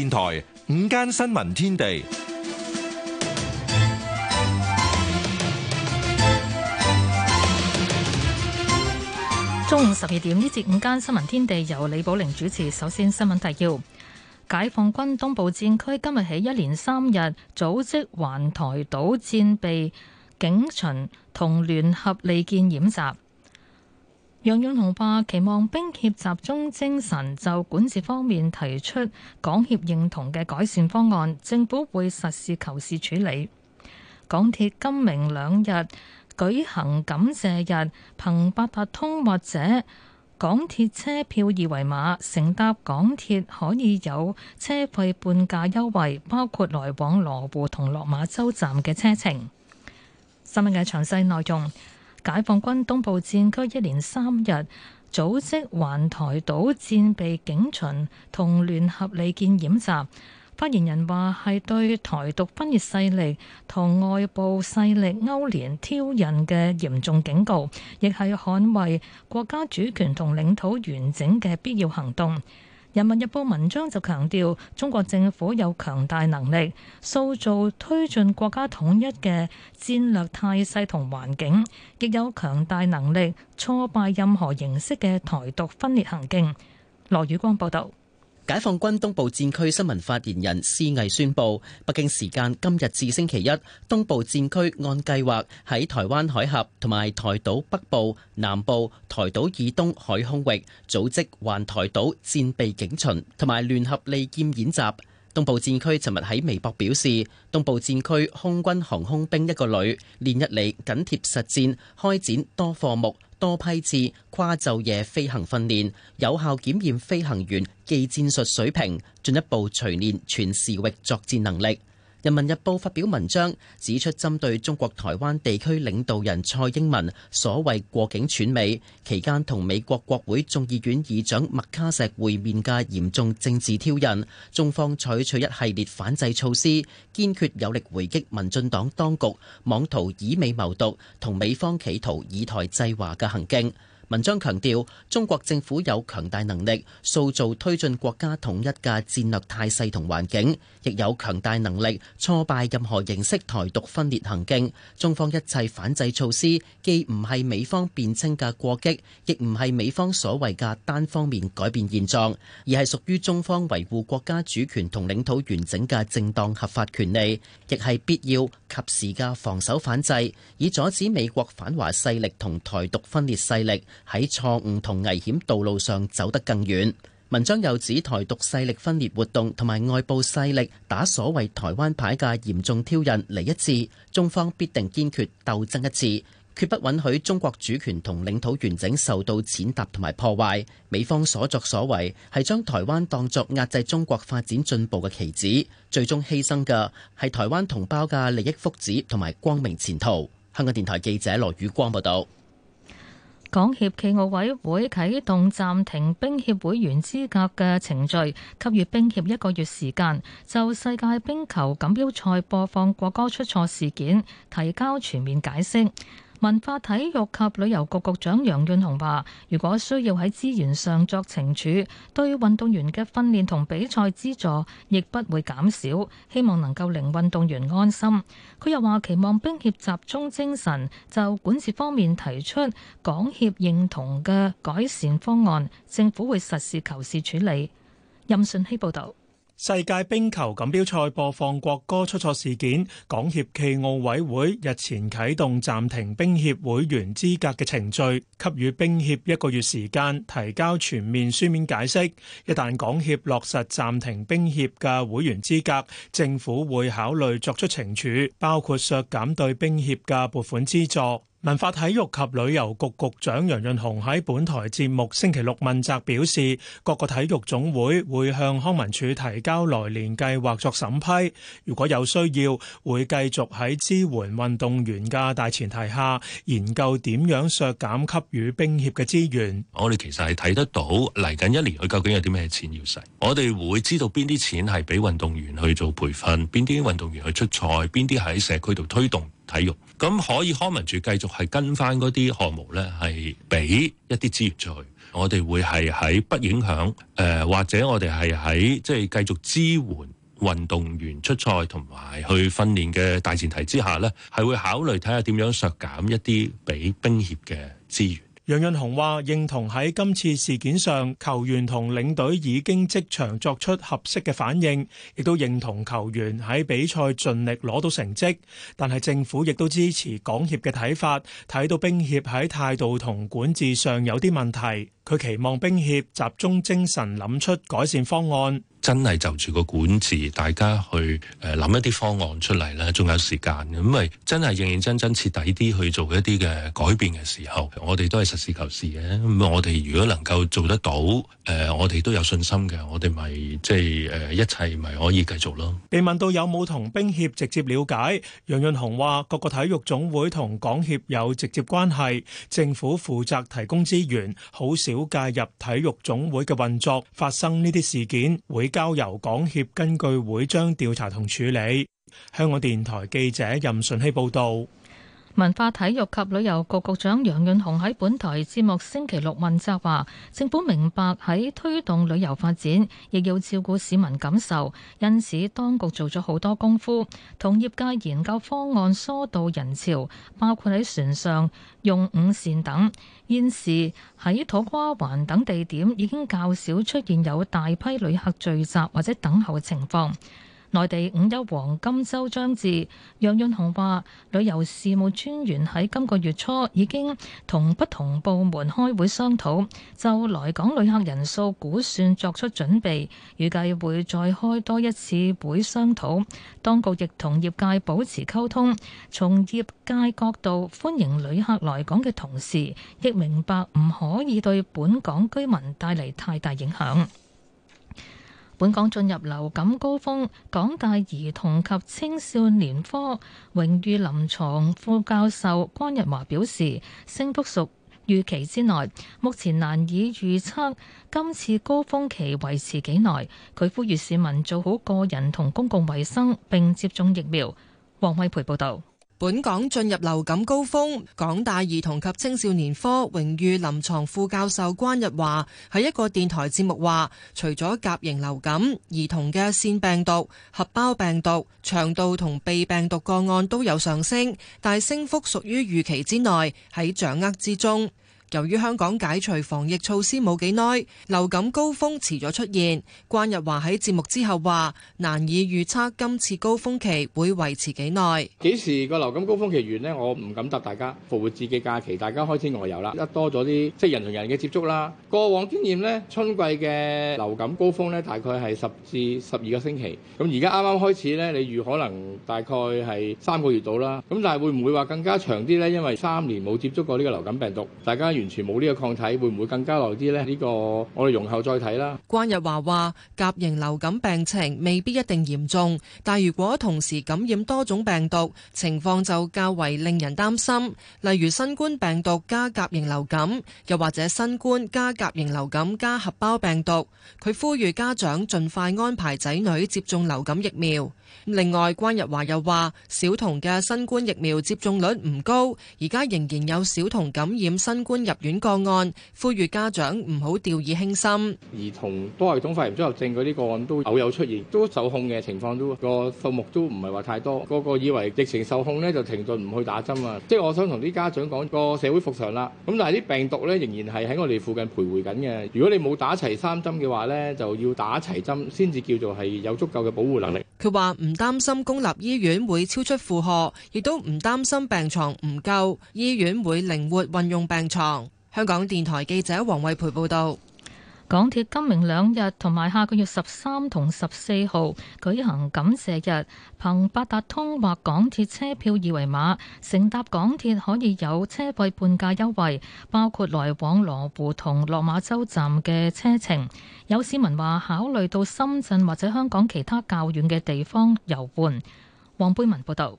電台午間新聞天地，中午十二點，呢節午間新聞天地由李寶玲主持。首先，新聞提要：解放軍東部戰區今日起一連三日組織環台島戰備警巡同聯合利劍演習。楊潤雄話：期望冰協集中精神就管治方面提出港協認同嘅改善方案，政府會實事求是處理。港鐵今明兩日舉行感謝日，憑八達通或者港鐵車票二維碼乘搭港鐵可以有車費半價優惠，包括來往羅湖同落馬洲站嘅車程。新聞嘅詳細內容。解放軍東部戰區一連三日組織環台島戰備警巡同聯合利劍演習，發言人話係對台獨分裂勢力同外部勢力勾連挑釁嘅嚴重警告，亦係捍衛國家主權同領土完整嘅必要行動。《人民日報》文章就強調，中國政府有強大能力塑造推進國家統一嘅戰略態勢同環境，亦有強大能力挫敗任何形式嘅台獨分裂行徑。羅宇光報道。解放軍東部戰區新聞發言人施毅宣布，北京時間今日至星期一，東部戰區按計劃喺台灣海峽同埋台島北部、南部、台島以東海空域組織環台島戰備警巡同埋聯合利劍演習。東部戰區尋日喺微博表示，東部戰區空軍航空兵一個旅連日嚟緊貼實戰，開展多課目。多批次跨晝夜飛行訓練，有效檢驗飛行員技戰術水平，進一步錘煉全時域作戰能力。《人民日報》發表文章指出，針對中國台灣地區領導人蔡英文所謂過境竄美，期間同美國國會眾議院議長麥卡錫會面嘅嚴重政治挑釁，中方採取一系列反制措施，堅決有力回擊民進黨當局，妄圖以美謀獨，同美方企圖以台制華嘅行徑。文章強調，中國政府有強大能力塑造推進國家統一嘅戰略態勢同環境，亦有強大能力挫敗任何形式台獨分裂行徑。中方一切反制措施既唔係美方辯稱嘅過激，亦唔係美方所謂嘅單方面改變現狀，而係屬於中方維護國家主權同領土完整嘅正當合法權利，亦係必要及時嘅防守反制，以阻止美國反華勢力同台獨分裂勢力喺錯誤同危險道路上走得更遠。文章又指，台獨勢力分裂活動同埋外部勢力打所謂台灣牌嘅嚴重挑釁嚟一次，中方必定堅決鬥爭一次，決不允許中國主權同領土完整受到踐踏同埋破壞。美方所作所為係將台灣當作壓制中國發展進步嘅棋子，最終犧牲嘅係台灣同胞嘅利益福祉同埋光明前途。香港電台記者羅宇光報道。港協企奧委會啟動暫停冰協會員資格嘅程序，給予冰協一個月時間，就世界冰球錦標賽播放國歌出錯事件提交全面解釋。文化體育及旅遊局局長楊潤雄話：如果需要喺資源上作懲處，對運動員嘅訓練同比賽資助亦不會減少，希望能夠令運動員安心。佢又話：期望冰協集中精神就管治方面提出港協認同嘅改善方案，政府會實事求是處理。任信希報導。世界冰球錦標賽播放國歌出錯事件，港協暨奧委會日前啟動暫停冰協會員資格嘅程序，給予冰協一個月時間提交全面書面解釋。一旦港協落實暫停冰協嘅會員資格，政府會考慮作出懲處，包括削減對冰協嘅撥款資助。文化體育及旅遊局局長楊潤雄喺本台節目星期六問責表示，各個體育總會會向康文署提交來年計劃作審批，如果有需要，會繼續喺支援運動員嘅大前提下，研究點樣削減給予冰協嘅資源。我哋其實係睇得到嚟緊一年佢究竟有啲咩錢要使，我哋會知道邊啲錢係俾運動員去做培訓，邊啲運動員去出賽，邊啲喺社區度推動。體育咁可以康，康文署繼續係跟翻嗰啲項目，呢係俾一啲資源出去。我哋會係喺不影響誒、呃，或者我哋係喺即係繼續支援運動員出賽同埋去訓練嘅大前提之下，呢係會考慮睇下點樣削減一啲俾冰協嘅資源。楊潤雄話認同喺今次事件上，球員同領隊已經即場作出合適嘅反應，亦都認同球員喺比賽盡力攞到成績。但係政府亦都支持港協嘅睇法，睇到冰協喺態度同管治上有啲問題。佢期望冰協集中精神，諗出改善方案。真係就住個管治，大家去誒諗、呃、一啲方案出嚟咧，仲有時間，咁因真係認認真真徹底啲去做一啲嘅改變嘅時候，我哋都係實事求是嘅。咁、嗯、我哋如果能夠做得到，誒、呃，我哋都有信心嘅。我哋咪即係誒一切咪可以繼續咯。被問到有冇同冰協直接了解，楊潤雄話各個體育總會同港協有直接關係，政府負責提供資源，好少。介入體育總會嘅運作，發生呢啲事件，會交由港協根據會章調查同處理。香港電台記者任順希報道。文化體育及旅遊局局長楊潤雄喺本台節目星期六問責話：政府明白喺推動旅遊發展，亦要照顧市民感受，因此當局做咗好多功夫，同業界研究方案，疏導人潮，包括喺船上用午膳等。現時喺土瓜灣等地點已經較少出現有大批旅客聚集或者等候嘅情況。內地五一黃金週將至，楊潤雄話：旅遊事務專員喺今個月初已經同不同部門開會商討，就來港旅客人數估算作出準備，預計會再開多一次會商討。當局亦同業界保持溝通，從業界角度歡迎旅客來港嘅同時，亦明白唔可以對本港居民帶嚟太大影響。本港進入流感高峰，港大兒童及青少年科榮譽臨床副教授關日華表示，升幅屬預期之內，目前難以預測今次高峰期維持幾耐。佢呼籲市民做好個人同公共衞生並接種疫苗。黃惠培報導。本港進入流感高峰，港大兒童及青少年科榮譽臨床副教授關日華喺一個電台節目話，除咗甲型流感，兒童嘅腺病毒、合胞病毒、腸道同鼻病毒個案都有上升，但升幅屬於預期之內，喺掌握之中。由於香港解除防疫措施冇幾耐，流感高峰遲咗出現。關日華喺節目之後話：難以預測今次高峰期會維持幾耐。幾時個流感高峰期完呢？我唔敢答大家。復活節嘅假期，大家開始外遊啦，一多咗啲即係人同人嘅接觸啦。過往經驗呢，春季嘅流感高峰呢，大概係十至十二個星期。咁而家啱啱開始呢，你預可能大概係三個月到啦。咁但係會唔會話更加長啲呢？因為三年冇接觸過呢個流感病毒，大家，完全冇呢個抗體，會唔會更加耐啲呢？呢個我哋容後再睇啦。關日華話：甲型流感病情未必一定嚴重，但如果同時感染多種病毒，情況就較為令人擔心。例如新冠病毒加甲型流感，又或者新冠加甲型流感加合胞病毒。佢呼籲家長盡快安排仔女接種流感疫苗。另外，關日華又話：小童嘅新冠疫苗接種率唔高，而家仍然有小童感染新冠。入院個案，呼籲家長唔好掉以輕心。兒童多系統肺炎綜合症嗰啲個案都偶有出現，都受控嘅情況，都個數目都唔係話太多。個個以為疫情受控呢，就停頓唔去打針啊！即係我想同啲家長講，個社會復常啦。咁但係啲病毒呢，仍然係喺我哋附近徘徊緊嘅。如果你冇打齊三針嘅話呢，就要打齊針先至叫做係有足夠嘅保護能力。佢話唔擔心公立醫院會超出負荷，亦都唔擔心病床唔夠，醫院會靈活運用病床。香港電台記者王慧培報道，港鐵今明兩日同埋下個月十三同十四號舉行感謝日，憑八達通或港鐵車票二維碼乘搭港鐵可以有車費半價優惠，包括來往羅湖同落馬洲站嘅車程。有市民話，考慮到深圳或者香港其他較遠嘅地方遊玩。黃貝文報道。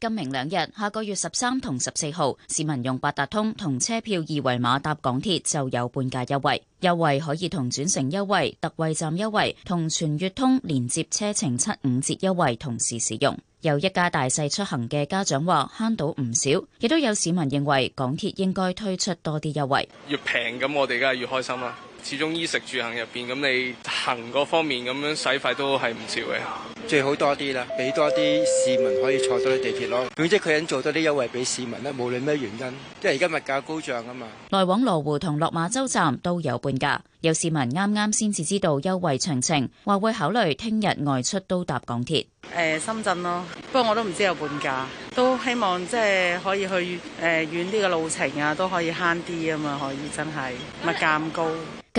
今明兩日，下個月十三同十四號，市民用八達通同車票二維碼搭港鐵就有半價優惠，優惠可以同轉乘優惠、特惠站優惠同全月通連接車程七五折優惠同時使用。有一家大細出行嘅家長話，慳到唔少，亦都有市民認為港鐵應該推出多啲優惠，越平咁我哋梗係越開心啦。始終衣食住行入邊，咁你行嗰方面咁樣使費都係唔少嘅，最好多啲啦，俾多啲市民可以坐多啲地鐵咯。總之佢應做多啲優惠俾市民啦，無論咩原因，因為而家物價高漲啊嘛。來往羅湖同落馬洲站都有半價，有市民啱啱先至知道優惠詳情，話會考慮聽日外出都搭港鐵。誒、呃，深圳咯，不過我都唔知有半價，都希望即係可以去誒遠啲嘅路程啊，都可以慳啲啊嘛，可以真係物價咁高。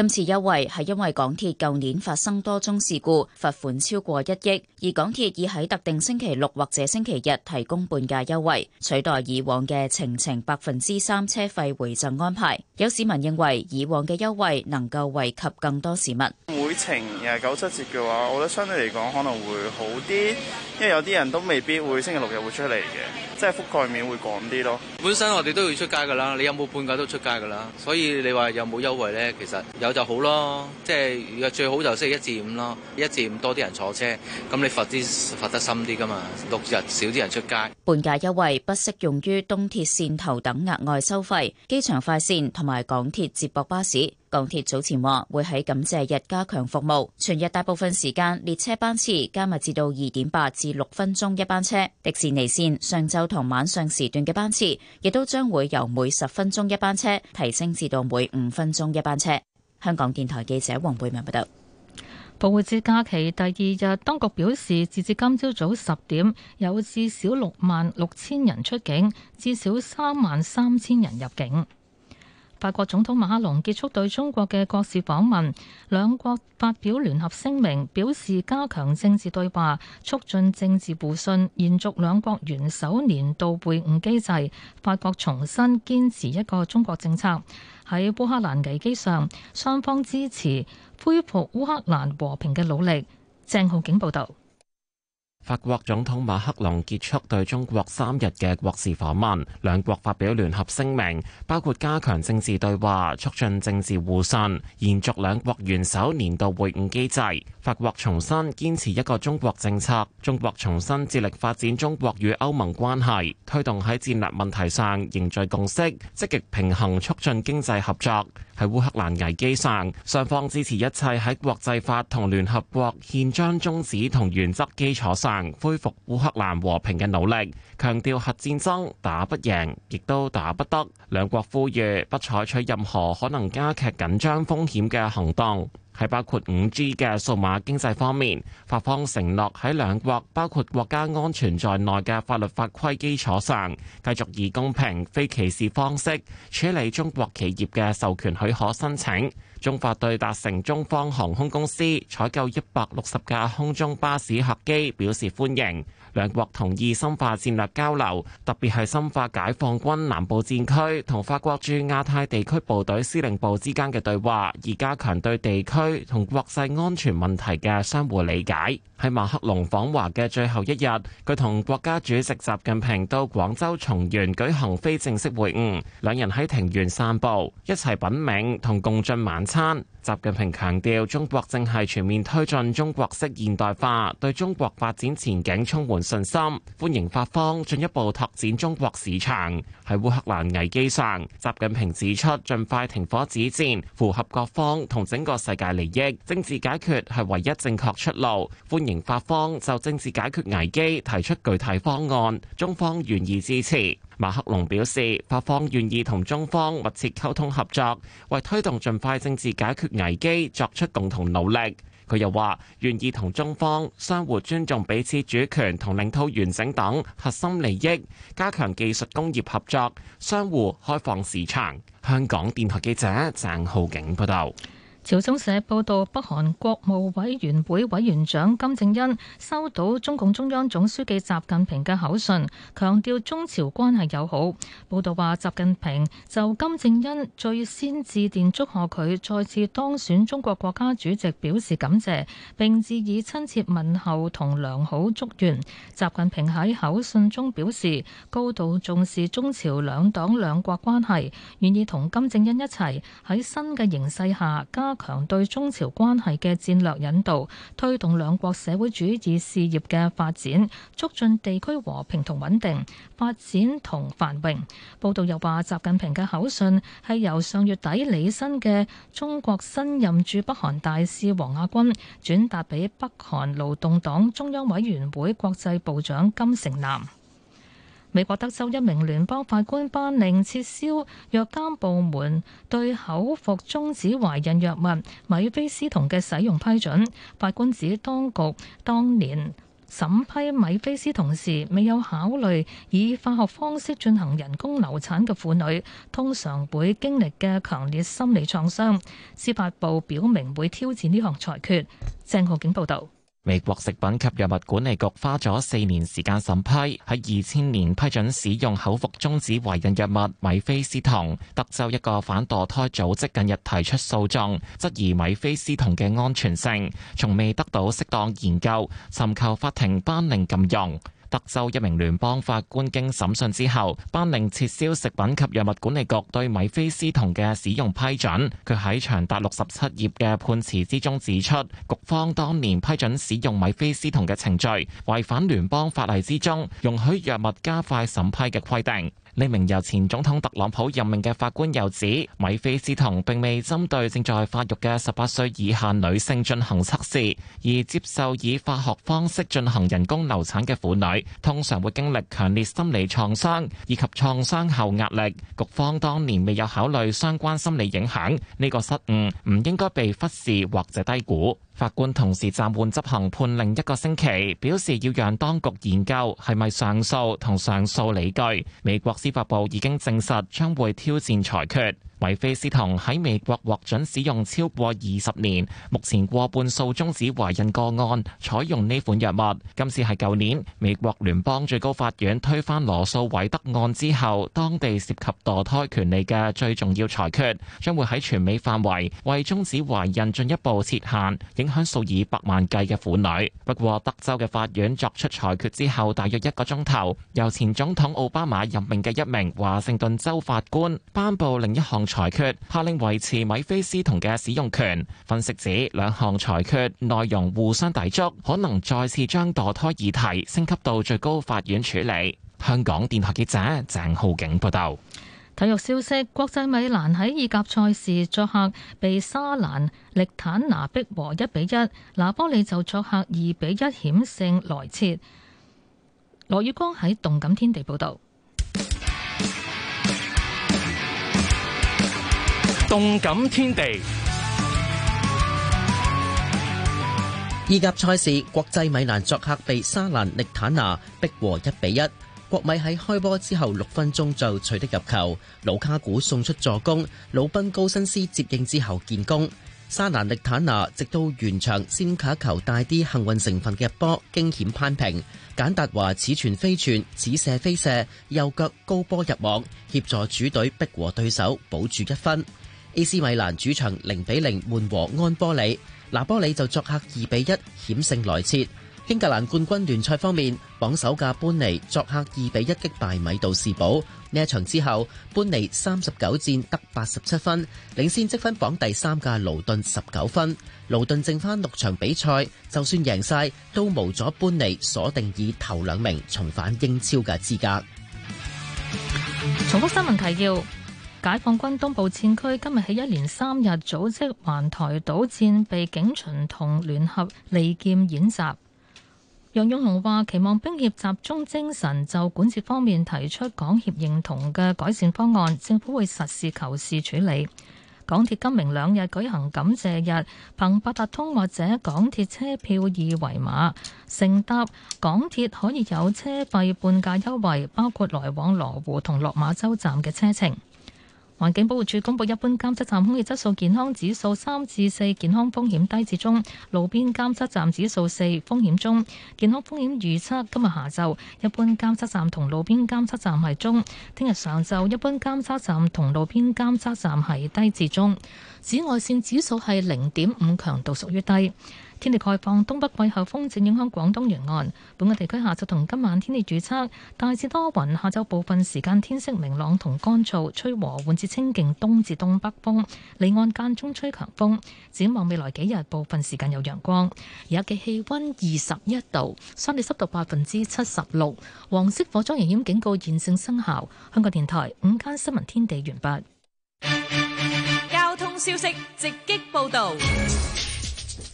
今次優惠係因為港鐵舊年發生多宗事故，罰款超過一億，而港鐵已喺特定星期六或者星期日提供半價優惠，取代以往嘅程程百分之三車費回贈安排。有市民認為以往嘅優惠能夠惠及更多市民。每程又係九七折嘅話，我覺得相對嚟講可能會好啲，因為有啲人都未必會星期六日會出嚟嘅，即係覆蓋面會廣啲咯。本身我哋都要出街㗎啦，你有冇半價都出街㗎啦，所以你話有冇優惠呢，其實。就好咯，即係若最好就星期一至五咯，一至五多啲人坐車，咁你罰啲罰得深啲噶嘛。六日少啲人出街，半價優惠不適用於東鐵線頭等額外收費、機場快線同埋港鐵接駁巴士。港鐵早前話會喺感謝日加強服務，全日大部分時間列車班次加密至到二點八至六分鐘一班車。迪士尼線上週同晚上時段嘅班次，亦都將會由每十分鐘一班車提升至到每五分鐘一班車。香港電台記者王貝文報道：復活節假期第二日，當局表示，截至今朝早十點，有至少六萬六千人出境，至少三萬三千人入境。法國總統馬克龍結束對中國嘅國事訪問，兩國發表聯合聲明，表示加強政治對話，促進政治互信，延續兩國元首年度會晤機制。法國重申堅持一個中國政策。喺烏克蘭危機上，雙方支持恢復烏克蘭和平嘅努力。鄭浩景報道。法國總統馬克龍結束對中國三日嘅國事訪問，兩國發表聯合聲明，包括加強政治對話、促進政治互信、延續兩國元首年度會晤機制。法國重申堅持一個中國政策，中國重申致力發展中國與歐盟關係，推動喺戰略問題上凝聚共識，積極平衡促進經濟合作。喺烏克蘭危機上，雙方支持一切喺國際法同聯合國憲章宗旨同原則基礎上恢復烏克蘭和平嘅努力，強調核戰爭打不贏，亦都打不得。兩國呼籲不採取任何可能加劇緊張風險嘅行動。喺包括五 G 嘅數碼經濟方面，法方承諾喺兩國包括國家安全在內嘅法律法規基礎上，繼續以公平、非歧視方式處理中國企業嘅授權許可申請，中法對達成中方航空公司採購一百六十架空中巴士客機表示歡迎。兩國同意深化戰略交流，特別係深化解放軍南部戰區同法國駐亞太地區部隊司令部之間嘅對話，而加強對地區同國際安全問題嘅相互理解。喺馬克龍訪華嘅最後一日，佢同國家主席習近平到廣州松園舉行非正式會晤，兩人喺庭園散步，一齊品茗同共進晚餐。習近平強調，中國正係全面推進中國式現代化，對中國發展前景充滿信心，歡迎法方進一步拓展中國市場。喺烏克蘭危機上，習近平指出，盡快停火止戰符合各方同整個世界利益，政治解決係唯一正確出路，歡迎法方就政治解決危機提出具體方案，中方願意支持。馬克龍表示，法方願意同中方密切溝通合作，為推動盡快政治解決危機作出共同努力。佢又話，願意同中方相互尊重彼此主權同領土完整等核心利益，加強技術工業合作，相互開放市場。香港電台記者鄭浩景報道。朝中社報道，北韓國務委員會委員長金正恩收到中共中央總書記習近平嘅口信，強調中朝關係友好。報道話，習近平就金正恩最先致電祝賀佢再次當選中國國家主席表示感謝，並致以親切問候同良好祝願。習近平喺口信中表示，高度重視中朝兩黨兩國關係，願意同金正恩一齊喺新嘅形勢下加。加強對中朝關係嘅戰略引導，推動兩國社會主義事業嘅發展，促進地區和平同穩定發展同繁榮。報道又話習近平嘅口信，係由上月底離任嘅中國新任駐北韓大使王亞軍轉達俾北韓勞動黨中央委員會國際部長金成南。美國德州一名聯邦法官頒、頒令撤銷藥監部門對口服中止懷孕藥物米非司酮嘅使用批准。法官指當局當年審批米非司酮時，未有考慮以化學方式進行人工流產嘅婦女通常會經歷嘅強烈心理創傷。司法部表明會挑戰呢項裁決。鄭浩景報導。美國食品及藥物管理局花咗四年時間審批，喺二千年批准使用口服終止懷孕藥物米非司酮。德州一個反墮胎組織近日提出訴訟，質疑米非司酮嘅安全性，從未得到適當研究，尋求法庭頒令禁用。德州一名聯邦法官經審訊之後，頒令撤銷食品及藥物管理局對米非司酮嘅使用批准。佢喺長達六十七頁嘅判詞之中指出，局方當年批准使用米非司酮嘅程序違反聯邦法例之中容許藥物加快審批嘅規定。呢名由前總統特朗普任命嘅法官又指，米非司酮並未針對正在發育嘅十八歲以下女性進行測試，而接受以化學方式進行人工流產嘅婦女，通常會經歷強烈心理創傷以及創傷後壓力。局方當年未有考慮相關心理影響，呢、這個失誤唔應該被忽視或者低估。法官同時暫緩執行判令一個星期，表示要讓當局研究係咪上訴同上訴理據。美國司法部已經證實將會挑戰裁決。維菲斯同喺美國獲准使用超過二十年，目前過半數終止懷孕個案採用呢款藥物。今次係舊年美國聯邦最高法院推翻羅訴韋德案之後，當地涉及墮胎權利嘅最重要裁決，將會喺全美範圍為終止懷孕進一步設限，影響數以百萬計嘅婦女。不過，德州嘅法院作出裁決之後，大約一個鐘頭，由前總統奧巴馬任命嘅一名華盛頓州法官頒布另一項。裁決下令維持米非司酮嘅使用權。分析指兩項裁決內容互相抵觸，可能再次將墮胎議題升級到最高法院處理。香港電台記者鄭浩景報道。體育消息：國際米蘭喺意甲賽事作客被沙蘭力坦拿逼和一比一，拿波利就作客二比一險勝萊切。羅宇光喺動感天地報道。動感天地意甲賽事，國際米蘭作客被沙蘭力坦拿逼和一比一。國米喺開波之後六分鐘就取得入球，魯卡古送出助攻，魯賓高辛斯接應之後建功。沙蘭力坦拿直到完場先卡球帶啲幸運成分嘅波驚險攀平。簡達華似傳非傳，似射非射，右腳高波入網，協助主隊逼和對手，保住一分。AC 米蘭主場零比零悶和安波里，拿波里就作客二比一險勝萊切。英格蘭冠軍聯賽方面，榜首嘅班尼作客二比一擊敗米杜士堡。呢一場之後，班尼三十九戰得八十七分，領先積分榜第三嘅勞頓十九分。勞頓剩翻六場比賽，就算贏晒都冇阻班尼鎖定以頭兩名重返英超嘅資格。重複新聞提要。解放軍東部戰區今日起一連三日組織環台島戰備警巡同聯合利劍演習。楊勇龍話：期望兵協集中精神，就管治方面提出港協認同嘅改善方案。政府會實事求是處理。港鐵今明兩日舉行感謝日，憑八達通或者港鐵車票二維碼乘搭港鐵，可以有車費半價優惠，包括來往羅湖同落馬洲站嘅車程。環境保護署公布，一般監測站空氣質素健康指數三至四，健康風險低至中；路邊監測站指數四，風險中。健康風險預測今日下晝，一般監測站同路邊監測站係中；聽日上晝，一般監測站同路邊監測站係低至中。紫外線指數係零點五，強度屬於低。天氣概況，東北季候風正影響廣東沿岸，本港地區下晝同今晚天氣預測大致多雲，下晝部分時間天色明朗同乾燥，吹和緩至清勁東至東北風，離岸間中吹強風。展望未來幾日，部分時間有陽光。而家嘅氣溫二十一度，相對濕度百分之七十六。黃色火災危險警告現正生效。香港電台午間新聞天地，完畢。交通消息直擊報道。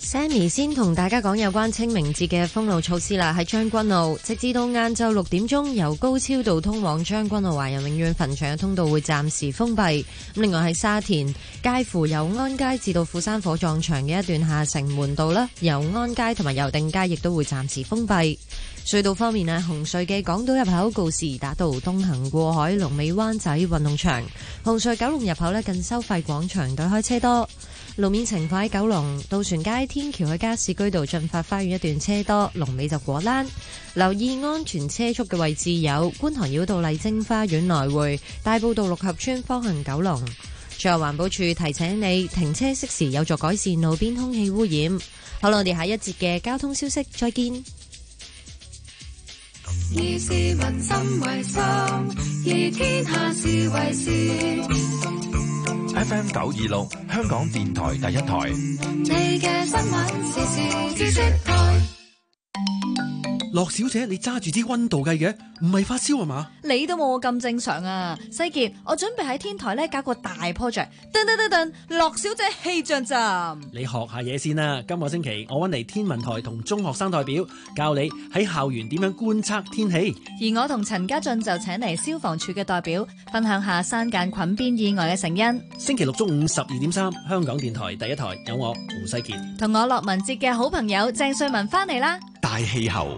Sammy 先同大家講有關清明節嘅封路措施啦，喺將軍澳，直至到晏晝六點鐘，由高超道通往將軍澳華人永遠墳場嘅通道會暫時封閉。咁另外喺沙田，介乎由安街至到富山火葬場嘅一段下城門道啦，由安街同埋由定街亦都會暫時封閉。隧道方面咧，紅隧嘅港島入口告士打道東行過海，龍尾灣仔運動場，紅隧九龍入口咧近收費廣場，對開車多。路面情況喺九龍渡船街天橋喺加士居道進發花園一段車多，龍尾就果欄。留意安全車速嘅位置有觀塘繞道麗晶花園來回、大埔道六合村方向九龍。最後環保署提醒你停車熄匙，有助改善路邊空氣污染。好啦，我哋下一節嘅交通消息再見。以 FM 九二六，香港電台第一台。駱小姐，你揸住啲溫度計嘅，唔係發燒吖嘛？你都冇我咁正常啊！西杰，我準備喺天台咧搞個大 project。噔噔噔噔，駱小姐氣象站，你學下嘢先啦。今個星期我搵嚟天文台同中學生代表教你喺校園點樣觀測天氣。而我同陳家俊就請嚟消防處嘅代表分享下山間菌邊意外嘅成因。星期六中午十二點三，3, 香港電台第一台有我胡西杰同我駱文捷嘅好朋友鄭瑞文翻嚟啦。大氣候。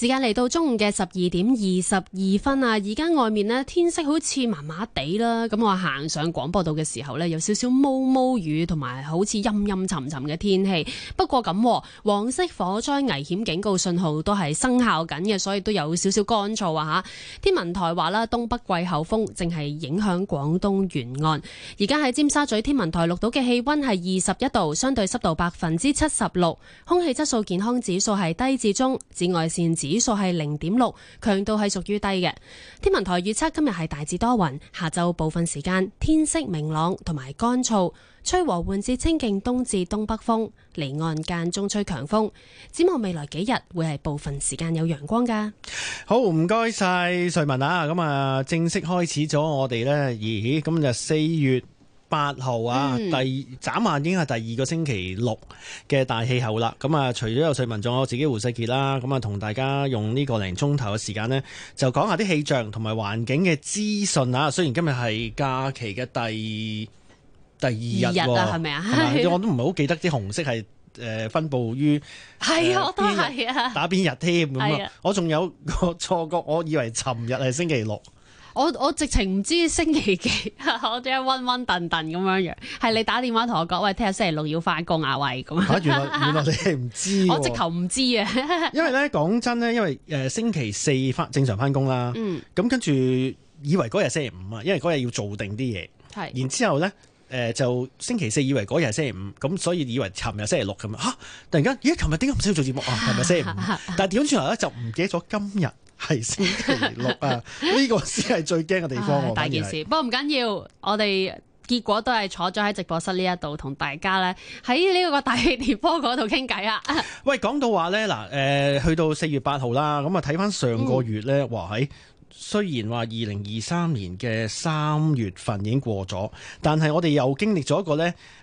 時間嚟到中午嘅十二點二十二分啊！而家外面咧天色好似麻麻地啦，咁我行上廣播道嘅時候咧，有少少毛毛雨同埋好似陰陰沉沉嘅天氣。不過咁黃色火災危險警告信號都係生效緊嘅，所以都有少少乾燥啊！吓，天文台話啦，東北季候風正係影響廣東沿岸。而家喺尖沙咀天文台錄到嘅氣溫係二十一度，相對濕度百分之七十六，空氣質素健康指數係低至中，紫外線指。指數係零點六，強度係屬於低嘅。天文台預測今日係大致多雲，下晝部分時間天色明朗同埋乾燥，吹和緩至清勁東至東北風，離岸間中吹強風。展望未來幾日會係部分時間有陽光噶。好，唔該晒瑞文啊，咁啊正式開始咗我哋呢。咦，今日四月。八號啊，眨眼已經係第二個星期六嘅大氣候啦。咁、嗯、啊，除咗有細文，仲有我自己胡世傑啦，咁、嗯、啊，同大家用呢個零鐘頭嘅時間呢，就講下啲氣象同埋環境嘅資訊啊。雖然今日係假期嘅第第二日，係咪啊？我都唔係好記得啲紅色係誒分佈於打邊日添。咁我仲有個錯覺，我以為尋日係星期六。我我直情唔知星期幾， 我仲係暈暈頓頓咁樣樣。係你打電話同我講，喂，聽日星期六要翻工啊，喂！咁。啊，原來原來你唔知。 我直頭唔知啊。因為咧，講真咧，因為誒星期四翻正常翻工啦。嗯。咁跟住以為嗰日星期五啊，因為嗰日要做定啲嘢。係。然之後咧，誒、呃、就星期四以為嗰日係星期五，咁所以以為尋日星期六咁啊。突然間，咦？琴日點解唔使做節目啊？係咪先？ 但係調轉頭咧，就唔記得咗今日。係星期六 啊！呢、這個先係最驚嘅地方。唉大件事，不過唔緊要緊，我哋結果都係坐咗喺直播室呢一度，同大家咧喺呢個大氣電波嗰度傾偈啊！ 喂，講到話咧嗱，誒、呃，去到四月八號啦，咁啊睇翻上個月咧，哇喺、嗯、雖然話二零二三年嘅三月份已經過咗，但係我哋又經歷咗一個咧。